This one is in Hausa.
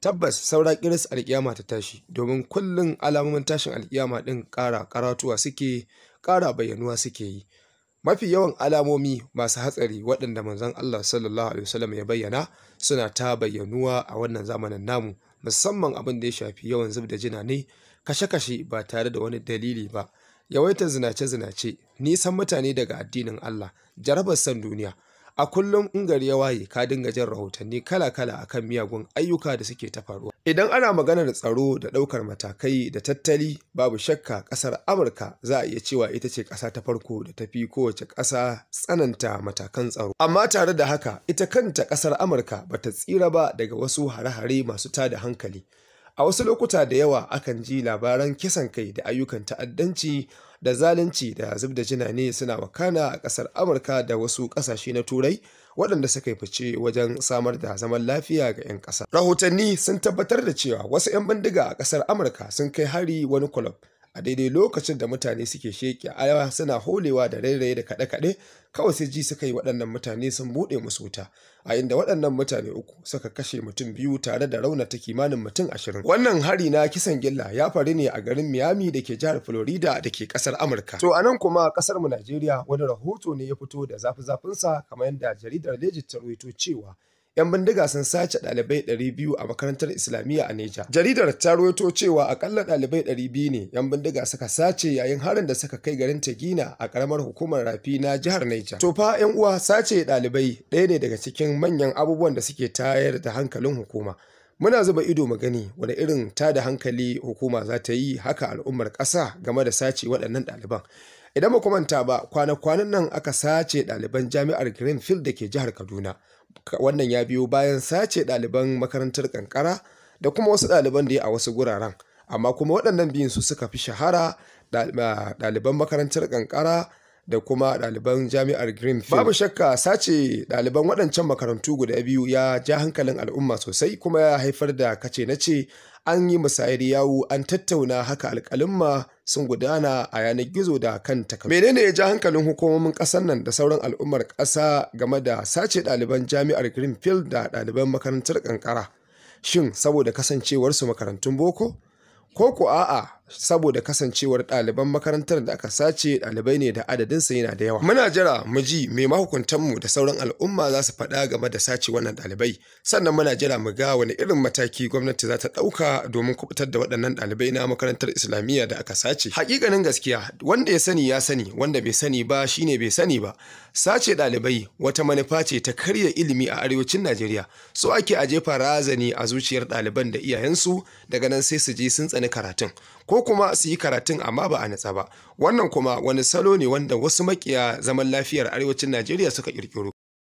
Tabbas saura kiras alkiyama ta tashi domin kullum alamomin tashin alƙiyama ɗin ƙara karatuwa suke ƙara bayyanuwa suke yi. Mafi yawan alamomi masu hatsari waɗanda manzon Allah sallallahu alaihi wasallam ya bayyana suna ta bayyanuwa a wannan zamanin namu musamman abin da ya shafi yawan zub da jina ne kashe-kashe ba tare da wani dalili ba yawaitar zinace-zinace nisan mutane daga addinin Allah jarabar san duniya A kullum in gari ya waye ka dinga jin rahotanni kala-kala akan miyagun ayyuka da suke ta faruwa. Idan ana maganar tsaro da ɗaukar matakai da tattali babu shakka ƙasar Amurka za a iya cewa ita ce ƙasa ta farko da ta fi kowace ƙasa tsananta matakan tsaro. Amma tare da haka ita kanta ƙasar Amurka ba ta tsira ba daga wasu hare-hare masu tada hankali. A wasu lokuta da yawa akan ji labaran kisan kai da ayyukan ta'addanci da zalunci da zub da jina ne suna wakana a ƙasar amurka da wasu ƙasashe na turai waɗanda suka fice wajen samar da zaman lafiya ga 'yan ƙasa rahotanni sun tabbatar da cewa wasu 'yan bindiga a ƙasar amurka sun kai hari wani kulob a daidai lokacin da mutane suke sheƙi ayawa suna holewa da rairaye da kaɗe-kaɗe kawai sai ji suka yi waɗannan mutane sun buɗe musu wuta a inda waɗannan mutane uku suka kashe mutum biyu tare da raunata kimanin mutum ashirin wannan hari na kisan gilla ya faru ne a garin miami da ke jihar florida da ke ƙasar amurka to a nan kuma ƙasar mu najeriya wani rahoto ne ya fito da zafi-zafinsa kamar yadda jaridar legit ta rawaito cewa 'yan bindiga sun sace ɗalibai 200 a makarantar islamiyya a neja jaridar ta ruwaito cewa akalla ɗalibai 200 ne 'yan bindiga suka sace yayin harin da suka kai garin tagina a karamar hukumar rafi na jihar neja to fa 'yan uwa sace ɗalibai ɗaya ne daga cikin manyan abubuwan da suke tayar da hankalin hukuma muna zuba ido mu gani wani irin tada hankali hukuma za ta yi haka al'ummar ƙasa game da sace waɗannan ɗaliban Idan ba manta ba kwana-kwanan nan aka sace ɗaliban jami'ar Greenfield da ke jihar Kaduna. Wannan ya biyo bayan sace ɗaliban makarantar kankara da kuma wasu ɗaliban da ya a wasu guraren. Amma kuma waɗannan biyun su suka fi shahara ɗaliban makarantar kankara da kuma ɗaliban jami'ar Greenfield. Babu shakka sace ɗaliban waɗancan makarantu guda biyu ya ja hankalin al'umma sosai kuma ya haifar da kace na ce an yi musayar yawo an tattauna haka alƙalimma sun gudana a yanar gizo da kan takamai. Menene ya ja hankalin hukumomin ƙasar nan da sauran al'ummar ƙasa game da sace ɗaliban jami'ar Greenfield da ɗaliban makarantar ƙanƙara? Shin saboda kasancewarsu makarantun boko? Ko ku a'a saboda kasancewar ɗaliban makarantar da aka sace ɗalibai ne da adadinsa yana da yawa. Muna jira mu ji mai mahukuntanmu da sauran al'umma za su faɗa game da sace wannan ɗalibai sannan muna jira mu ga wani irin mataki gwamnati za ta ɗauka domin kubutar da waɗannan ɗalibai na makarantar islamiyya da aka sace. Hakikanin gaskiya wanda ya sani ya sani wanda bai sani ba shine bai sani ba. Sace ɗalibai wata manufa ce ta karya ilimi a arewacin Najeriya so ake a jefa razani a zuciyar ɗaliban da iyayensu daga nan sai su je sun tsani karatun. Ko ko kuma su yi karatun amma ba a natsa ba wannan kuma wani salo ne wanda wasu makiya zaman lafiyar arewacin najeriya suka ƙirƙiro